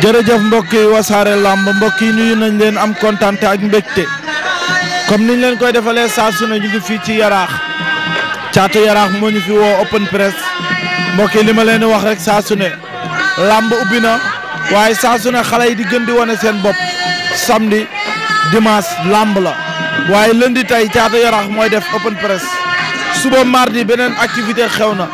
jërëjëf mbokk yi wasaare làmb mbokk yi nuyu nañ leen am kontaan ak mbégte kon niñ leen koy defalee saa su ne ñu ngi fii ci yaraax caatu yaraax moo ñu fi woo open press mbokk yi li ma leen wax rek saa su ne làmb ubbi na waaye saa su ne xale yi di gën di wane seen bopp samedi dimanche làmb la waaye di tey caatu yaraax mooy def open press suba mardi beneen activité xew na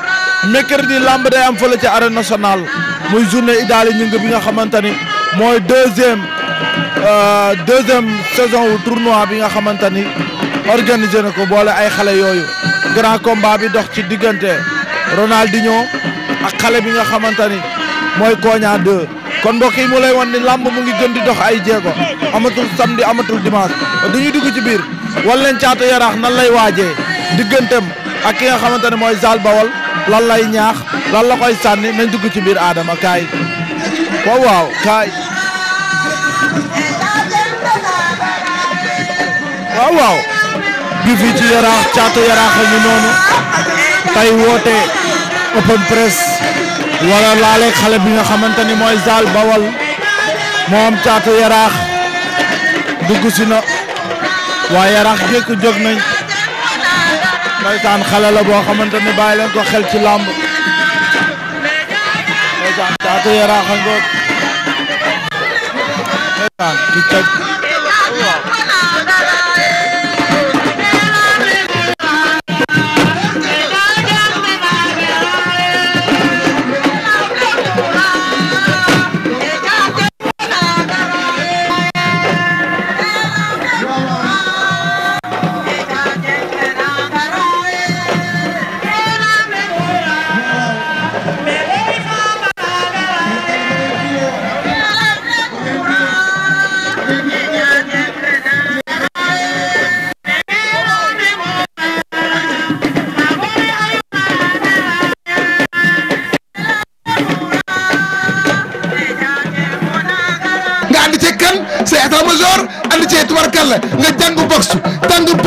mercredi làmb day am fële ci arène national muy journée Idaly Gningue bi nga xamante ni mooy deuxième euh, deuxième saison wu tournoi bi nga xamante ni organisé na ko boole ay xale yooyu grand combat bi dox ci diggante Ronaldinho ak xale bi nga xamante ni mooy Konia 2 kon mbokk yi mu lay wan ni làmb mu ngi gën di dox ay jéego amatul samedi amatul du dañuy dugg ci biir wan leen caatu yaraax nan lay waajee digganteem ak ki nga xamante ne mooy Zal Bawol lal lay ñaax lan la koy sànni nañ dugg ci biir aadama kaay waaw waaw kaay bi ci yaraax caatu yaraax a ngi noonu tey woote open press wala laaleeg xale bi nga xamante ni mooy Zal Bawal moom caatu yaraax dugg si na waa yaraax gékk jóg nañ ndeysaan xale la boo xamante ni bàyyi leen ko xel ci làmb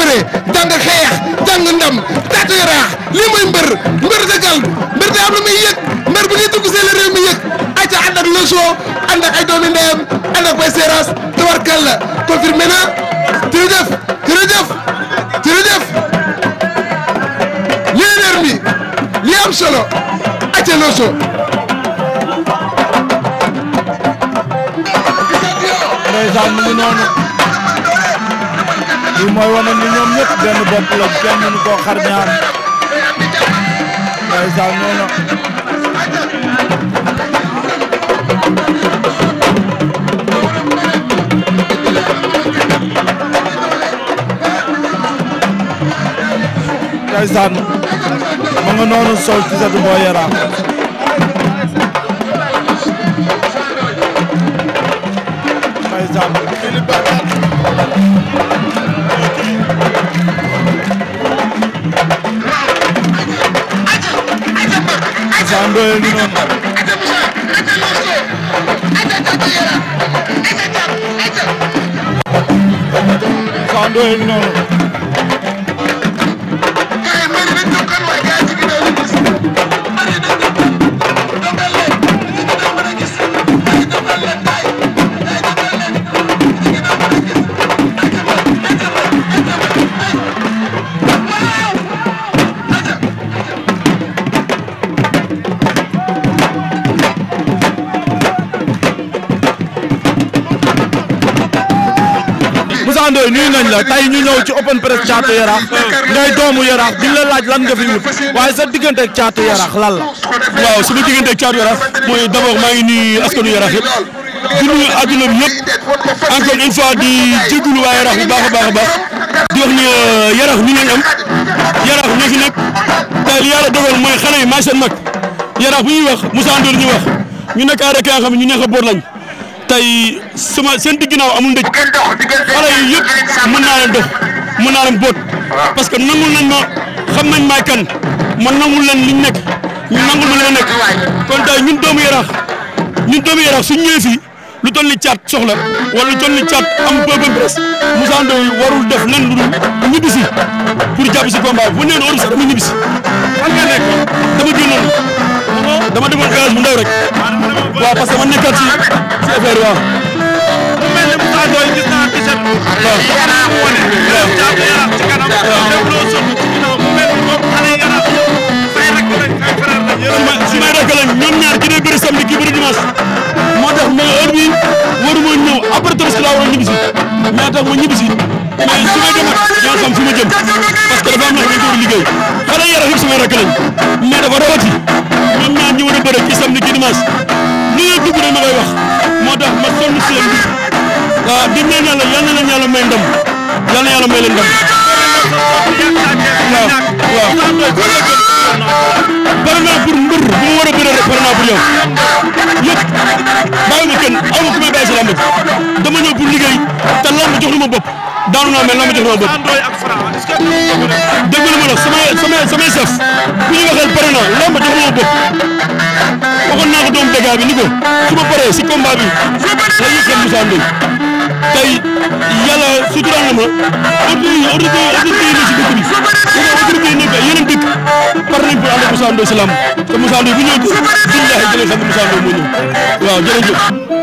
bëre jàng xeex jàng ndam taatu yaraax lii mooy mbër mbër da mbër da am lu muy yëg mbër bu ñuy dugg see la réew mi yëg ayca ànd ak le show ànd ak ay doomi ndeyam ànd ak way séeraas tawarkal la confirmé na jërëjëf jërëjëf jërëjëf lii mi lii am solo ayca le lii mooy wane ni ñoom ñëpp benn bopp la kenn mënu koo xar ñaar ndeysaan noonu ndeysaan ma nga noonu sol ci satu boo yaraa ndeysaan Ndoye ngi noonu Sa Ndoye ngi noonu Ousmane Ndoye nuyu nañ la tey ñu ñëw ci open press Thiatou Yarakh ngay doomu Yarakh duñ la laaj lan nga fi wut waaye sa diggante ak Thiatou Yarakh lan la. waaw sama diggante ak Thiatou Yarakh mooy d'abord maa ngi nuyu askanu Yarakh yëpp di nuyu adduna bi yëpp di jégalu waa Yarakh bu baax a baax a baax di wax ni euh, Yarakh ñu fi nekk tey li yàlla dogal mooy xale yi maa seen mag Yarakh bu ñuy wax Moussa Ndoye wax ñu nekk ay rek yoo xam ñu neex a boor tey sama seen di ginnaaw amul ndëj xale yi yëpp mën naa leen dox mën naa leen boot parce que nangul nañ ma xam nañ maay kan man nangul leen liñ nekk ñu nangul ma li ma nekk kon tey ñun doomu yaraax ñun doomu yaraax suñ ñëwee fii lu toll ni caat soxla wala lu toll ni caat am bëgg presse Moussa Ndoye warul def len lu dul ñibbi si pour jàpp si combat bu neen warul sax dama ñibbi si fan nga nekk dama génnoon dama demoon voyage bu ndaw rek waaw parce que man nekkat ci ci affaire waaw. bu mel ni Moussa Ndoye gis naa t-shirt. waaw Yaraax wane. waaw jàpp Yaraax ci kanam. waaw def loo sotti ci ginnaaw bu mel ni moom xale Yaraax yow. say rakk lañ ay frère lañ. yéen a ngi may rakk lañ ñoom ñaar ki day bëri samedi kii bëri dimanche. moo tax ma heure bii waruma ñëw après Tabaski laa waroon ñibbi si mais tax ma ñibbi si mais su may dem ak ñoo xam fi ma jëm parce que dafa am ndox mi ko liggéey xale Yaraax yëpp samay rakk lañ mais dafa rawati ñoom ñaar ñi war a bëri ci samedi kii dimanche ma wax moo tax ma sonn si leen bi waaw di ñaan yàlla yal na ndam yal na yàlla may leen ndam waaw waaw pare naa pour mbër bu ma war a bëree rek pare naa pour yow yëpp ma kenn aw ma ku dama ñëw pour liggéey te lamb jox na ma bopp daanu naa mel noo ma jox loolu bët déglu ma la samay samay samay chef bu ñu pare na loo jox loolu bët waxoon naa ko doomu dégg bi ni ko su ma si combat bi la ñuy xam Moussa Ndoye na ma ordre yi ordre yi ne si dëkk bi su ma ordre yi nekk par nañ pour ànd ak Moussa Ndoye si làmb te Moussa Ndoye da ngay xam ne Moussa Ndoye moo ñëw waaw jërëjëf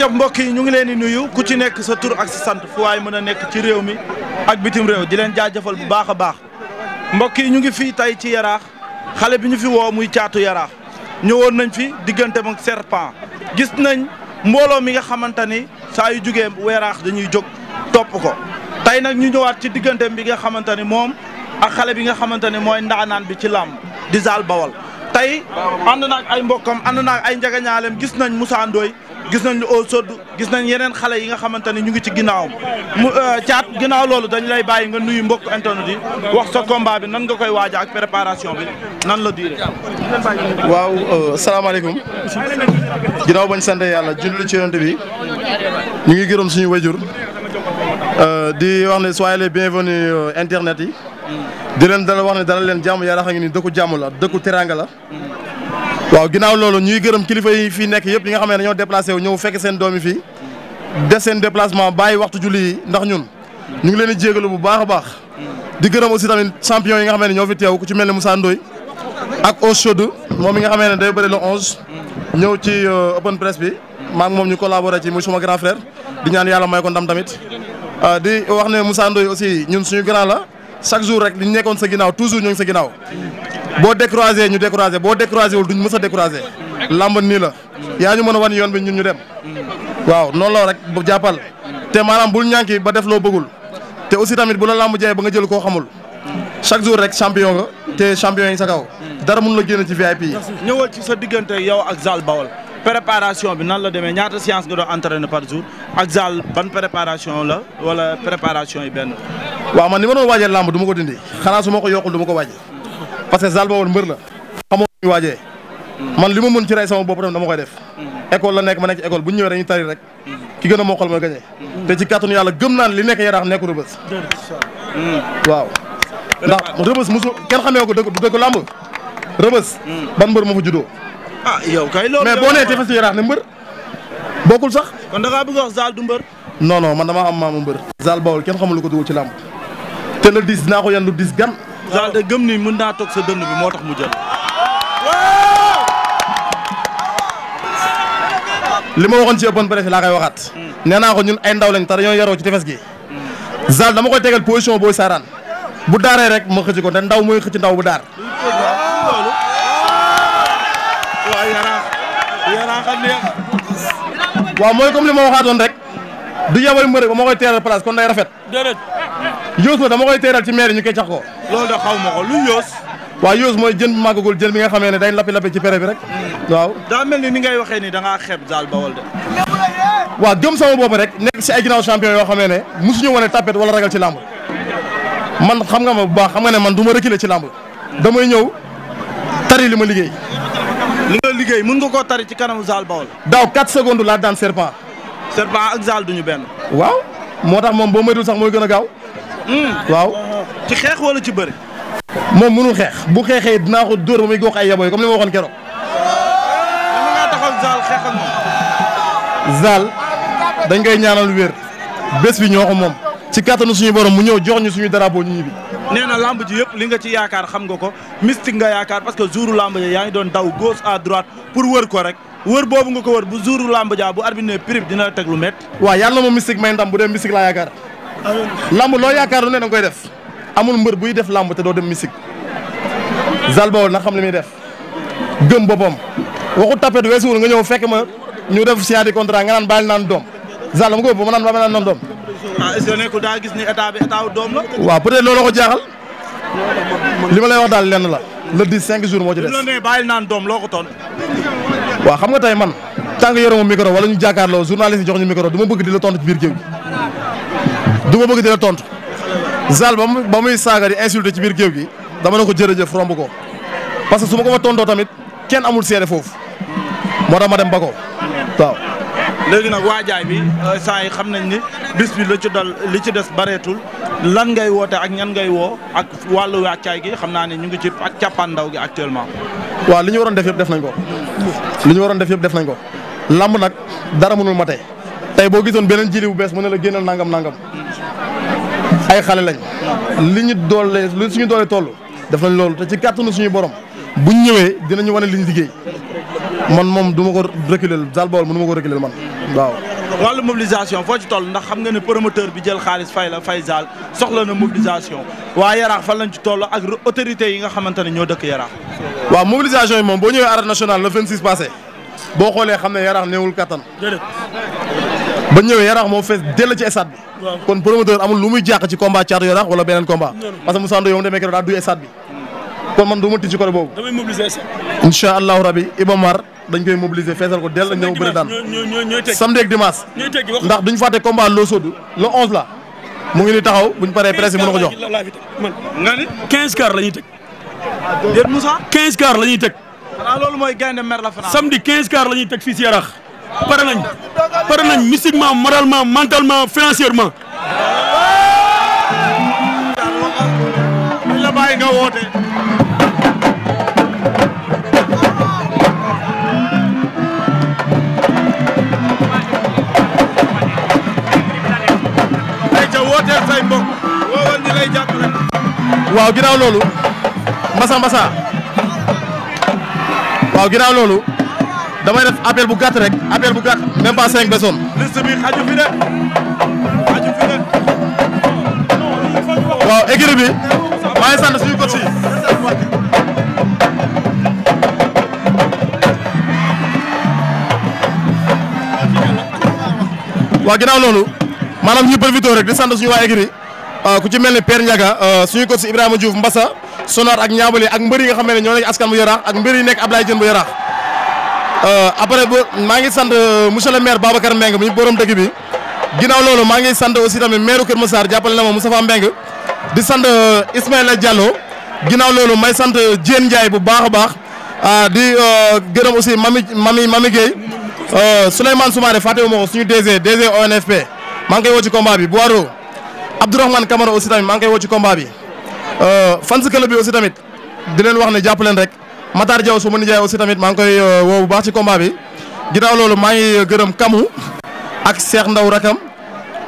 jërëjëf mbokk yi ñu ngi leen di nuyu ku ci nekk sa tur ak sa sant fu waay mën a nekk ci réew mi ak bitim réew di leen jaajëfal bu baax a baax mbokk yi ñu ngi fii tey ci yaraax xale bi ñu fi woo muy caatu yaraax ñëwoon nañ fi diggante mag serpent gis nañ mbooloo mi nga xamante ni saa yu jugee weeraax dañuy jóg topp ko tey nag ñu ñëwaat ci diggante bi nga xamante ni moom ak xale bi nga xamante ni mooy ndaanaan bi ci làmb di Zal Bawal tey ànd naag ay mbokkam ànd naag ay njagañaaleem gis nañ Moussa Ndoye gis nañ au sodd gis nañ yeneen xale yi nga xamante ni ñu ngi ci ginnaawam mu caat euh, ginnaaw loolu dañ lay bàyyi nga nuyu mbokk internet yi wax sa combat bi nan nga koy waaja ak préparation bi nan la durée. waaw euh, salaamaaleykum. ginnaaw bañ sant yàlla julli ci yonent bi ñu ngi gërëm suñu wajur euh, di wax ne soyez bien bienvenus internet yi. di leen dala wax ne dala leen jàmm yàlla xam ne dëkku jàmm la dëkku teraanga la. waaw ginnaaw loolu ñuy gërëm kilifa yi fii nekk yëpp yi nga xam ne ñoo déplacé wu ñëw fekk seen doomi fii des seen déplacement bàyyi waxtu julli yi ndax ñun ñu ngi leen di bu baax a baax di gërëm aussi tamit champion yi nga xam ne ñoo fi teew ku ci mel ne Moussa Ndoye ak Eau Chaude moom mi nga xamee ne day bëri le 11 ñëw ci euh, open press bi maa moom ñu collaboré ci muy suma grand frère di ñaan yàlla may ko ndam tamit euh, di wax ne Moussa Ndoye aussi ñun suñu grand la chaque jour rek li ñu nekkoon sa ginnaaw toujours ñu ngi sa ginnaaw boo décroisé ñu décroisé boo décroisé wul duñ mës a décroisé làmb nii la yaa ñu mën a wan yoon bi ñun ñu dem waaw noon la rek bu jàppal te maanaam bul ñànki ba def loo bëggul te aussi tamit bu la làmb jaay ba nga jël koo xamul chaque jour rek champion nga te champion yi sa kaw dara mun la génn ci VIP yi. ñëwal ci sa diggante yow ak Zal Bawol préparation bi nan la demee ñaata séance nga doon entraîné par jour ak Zal préparation la wala préparation yi benn. waaw man ni ma doon làmb du ko dindi xanaa su ko yokkul du ko waajee. parce que Zal Baol mbër la xamoo ñu man li ma mën ci rey sama bopp tamit dama koy def école la nekk ma nekk ci école bu ñu ñëwee dañuy tari rek ki gën a mokkal mooy gañe te ci kàttanu yàlla gëm naa li nekk yaraax nekk rëbës waaw ndax rëbës mosu kenn xamee ko dëkk du làmb rëbës ban mbër moo fa juddoo ah, kay loolu mais boo nee te fasu yaraax ne mbër bokkul sax kon da ngaa bëgg du mbër non man damaa am maamu mbër Zal Baol kenn xamul lu ko dugal ci làmb te le dis daal da gëm ni mën naa toog sa dënd bi moo tax mu jël. li ma waxoon ci open press laa koy waxaat. Hmm. nee naa ko ñun ay ndaw lañ te dañoo yaroo ci tefes gi. Hmm. Zal dama koy tegal position booy saaraan bu daaree rek ma xëcc ko te ndaw mooy xëcc ndaw bu daar. waaw mooy comme li ma waxaatoon rek. du yabal mbër ba ma koy teeral place kon day rafet. déedéet. Youssou dama koy teeral ci maire ñu koy cax ko. loolu da xaw ma ko lu yoos. waaw yoos mooy jën bu màggagul jën bi nga xamee ne day lappi lappi ci pere bi rek. waaw daa mel ni ni ngay waxee ni da ngaa xeeb daal bawol de. waaw gëm sama bopp rek nekk si ay ginnaaw champion yoo xamee ne mu mosuñu wane tapet wala ragal ci làmb man xam nga ma bu baax xam nga ne man du ma reculer ci làmb damay ñëw tari li ma liggéey. li nga liggéey mën nga koo tari ci kanamu Zal Baol. daaw 4 secondes laa daan serpent. serpent ak Zal duñu benn. waaw moo tax moom boo moytuwul sax mooy gën a gaaw. Hmm. ci xeex wala ci bëri. moom munu xeex bu xeexee dinaa ko dóor ba muy gox ay yaboy comme li ma waxoon keroog. mën ngaa dañ koy ñaanal wér bés bi ñoo moom ci suñu borom mu ñëw jox ñu suñu drapeau ñu ñibbi. nee lamb ji li nga ci yaakaar xam nga ko mystique nga yaakaar parce que jouru lamb yaa ngi doon daw gauche à droite ko rek. wër boobu nga ko wër bu jouru lamb ja bu arbitre ne prib dina teg lu métti. waa yàlla na ma mystique may ndam bu dee mystique laa yaakaar. lamb loo yaakaar lu ne danga koy def. amul mbër buy def làmb te doo dem misik Zal Baol na xam li muy def gëm boppam waxu tapet weesuwul nga ñëw fekk ma ñu def signé contrat nga naan baal naan doom Zal ma ko ba ma naan ba ma naan doom. ah est-ce que nekkul daa gis ni état bi état wu doom waaw peut-être loolu la ko jaaxal li ma lay wax daal lenn la le dix cinq jours moo ci des. li naan doom loo ko ton waaw xam nga tey man tànk yoroma micro wala ñu jàkkaarloo journaliste yi jox ñu micro du ma bëgg di la tontu ci biir géew du ma bëgg di la tontu. Zal ba muy ba muy saaga di insulté ci biir géew gi dama ne ko jërëjëf romb ko parce que su ma ko fa tontoo tamit kenn amul seere foofu moo tax ma dem ba ko waaw. léegi nag waajaay bi euh, saa yi xam nañ ni bis bi la ci dal li ci des bareetul lan ngay woote ak ñan ngay woo ak wàllu wàccaay gi xam naa ne ñu ngi ci ak ndaw gi actuellement. waa li ñu waroon def yëpp def nañ ko. li ñu waroon def yëpp def nañ ko. lamb nag dara mënul mate tey boo gisoon beneen jili bu bees mu ne la génnal nangam nangam. ay xale lañ li ñu doole li suñu doole toll def nañ loolu te ci kàttanu suñu borom bu ñu ñëwee dinañu wane li ñu liggéey man moom du ma ko reculer Zal Baol mënu ma ko reculer man waaw. wàllu mobilisation foo ci toll ndax xam nga ne promoteur bi jël xaalis fay la fay Zal soxla na mobilisation waa Yaraax fan lañ ci toll ak autorité yi nga xamante ne ñoo dëkk Yaraax. waaw mobilisation yi moom boo ñëwee national nationale le 26 passé boo xoolee xam ne Yaraax néewul kattan. ba ñëwee yaraax moo fees dell ci stade bi. kon promoteur amul lu muy jàq ci combat caatu yaraax wala beneen combat. parce que Moussa Ndoye moom demee keroog daa duy stade bi. kon man du ma tijji côté boobu. damay mobiliser stade. incha allahu Mar dañ koy mobiliser feesal ko dell ak ñëw bëri daan. samedi ak ndax duñ fàtte combat loo sóodu le 11 la mu ngi ni taxaw buñ paree presse bi mën ko jox. nga ni 15 ñuy teg. déet Moussa 15 car la ñuy teg. xanaa loolu la fanaan. samedi 15 car la teg fii si yaraax pare nañ pare nañ mystiquement moralement mentalement financièrement. dañ ñi lay jàppale. waaw ginnaaw loolu. Mbassa Mbassa. waaw ginnaaw loolu. damay def appel bu gàtt rek appel bu gàtt même pas cinq personnes. bi xaju waaw équipe bi maa ngi sant suñu coach yi. waaw ginnaaw loolu maanaam ñu profité rek di sant suñu waa équipe ah, ku ci mel ni Père Ndiaga ah, suñu coach Ibrahima Diouf Mbassa Sonar ak Ñaabali ak mbër nga xam ne ñoo nekk askan bu yaraax ak mbër yi nekk Ablaye Dieng bu yaraax. Euh, après maa ngi sant euh, monsieur le maire Babacar Mbengue mi borom dëkk bi ginaaw loolu maa ngi sant aussi tamit maire Kër Massar jàppale na ma Moustapha Mbengue di sant euh, Ismaïla Diallo ginaaw loolu may sant Diène njaay bu baax a baax ah, di gërëm aussi mami mami mami Guèye Souleymane Soumaré fàttewu ma ko suñu DG DG ONFP maa ngi koy woo ci combat bi Boiro Abdourahmane Camara aussi tamit maa ngi koy woo ci combat bi fans club bi aussi tamit di leen wax ne jàpp rek. Matar Diaw su ma nijaay aussi tamit maa ngi koy euh, woo bu baax ci combat bi ginnaaw loolu maa ngi euh, gërëm Kamu ak Cheikh Ndaw rakam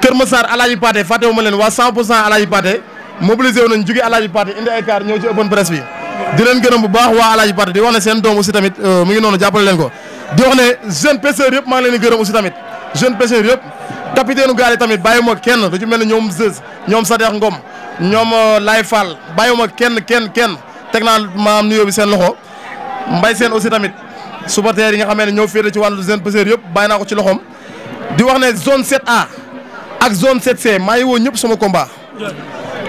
Kër Massar Alaaji Paté fàttewu ma leen waa 100 pour cent Alaaji Paté mobilisé wu nañ jóge Alaaji Paté indi ay car ñëw ci open press bi di leen gërëm bu baax waa Alaaji Paté di wax ne seen doom aussi tamit euh, mu ngi noonu jàppale leen ko di wax ne jeune pêcheur yëpp maa ngi leen di gërëm aussi tamit jeune pêcheur yëpp capitaine u gaal yi tamit bàyyiwuma kenn du mel ne ñoom Zeus ñoom Sadex Ngom ñoom Lay Fall bàyyiwuma kenn kenn kenn teg naa maam nuyoo bi seen loxo mbay seen aussi tamit supporters yi nga xamee ne ñoo féete ci wàllu jeune pêcheur yëpp bàyyi naa ko ci loxoom di wax ne zone 7A ak zone 7C maa ngi woo ñëpp sama combat.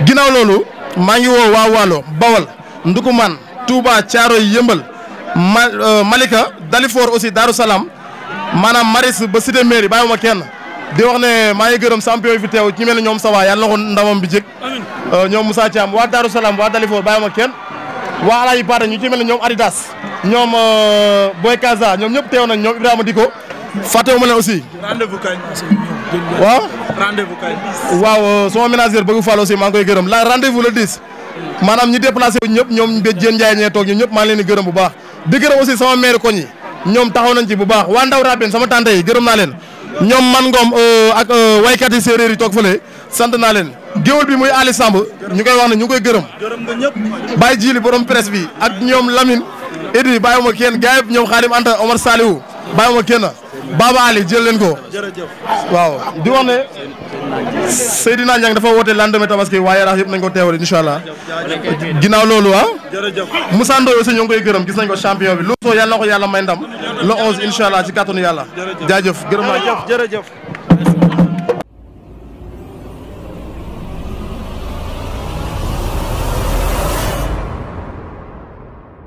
ginnaaw loolu maa ngi woo waa Waalo Bawal Ndukumaan Touba Thiaroy Yëmbal euh, Malika Dalifor aussi Darou Salaam maanaam Maris ba Cité Mairie bàyyiwuma kenn. di wax ne maa ngi gërëm champion yi fi teew ci mel ñoom Sawa yàlla na ko ndamam bi jëkk euh, ñoom Moussa Thiam waa Darou waa Dalifor bàyyiwuma kenn. waa Alaaji Paate ñu ci mel ne ñoom Adidas ñoom euh, Boy Kaza ñoom ñëpp teew nañ ñoom Ibrahima Diko fàttewuma leen aussi. rendez-vous kañ. waaw. rendez-vous kañ. waaw euh, sama ménagère bëgg Fall aussi maa ngi koy gërëm laa rendez-vous le 10. maanaam ñi déplacé wu ñëpp ñoom Béjjén Ndiaye ñee toog ñëpp maa leen di gërëm bu baax di gërëm aussi sama maire koñ yi ñoom taxaw nañ ci bu baax waa ndaw Rabène sama tante yi gërëm naa leen ñoom man ngoom euh, ak waykat yi séeréer yi toog fële sant naa leen géwél bi muy Ali Samb ñu koy wax ne ñu koy gërëm Baye Jili borom presse bi ak ñoom Lamine Idi bàyyiwuma kenn gars yëpp ñoom Xaadim Anta Omar Saliou bàyyiwuma kenn Baba Ali jël leen ko waaw di wax ne Seydina Niang dafa woote lendemain tabaski waaye yaraax yëpp nañ ko teewale incha allah ginnaaw loolu ah Moussa Ndoye aussi ñoo ngi koy gërëm gis nañ ko champion bi lu soo yàlla na ko yàlla may ndam le 11 incha allah ci kàttanu yàlla jaajëf gërëm naa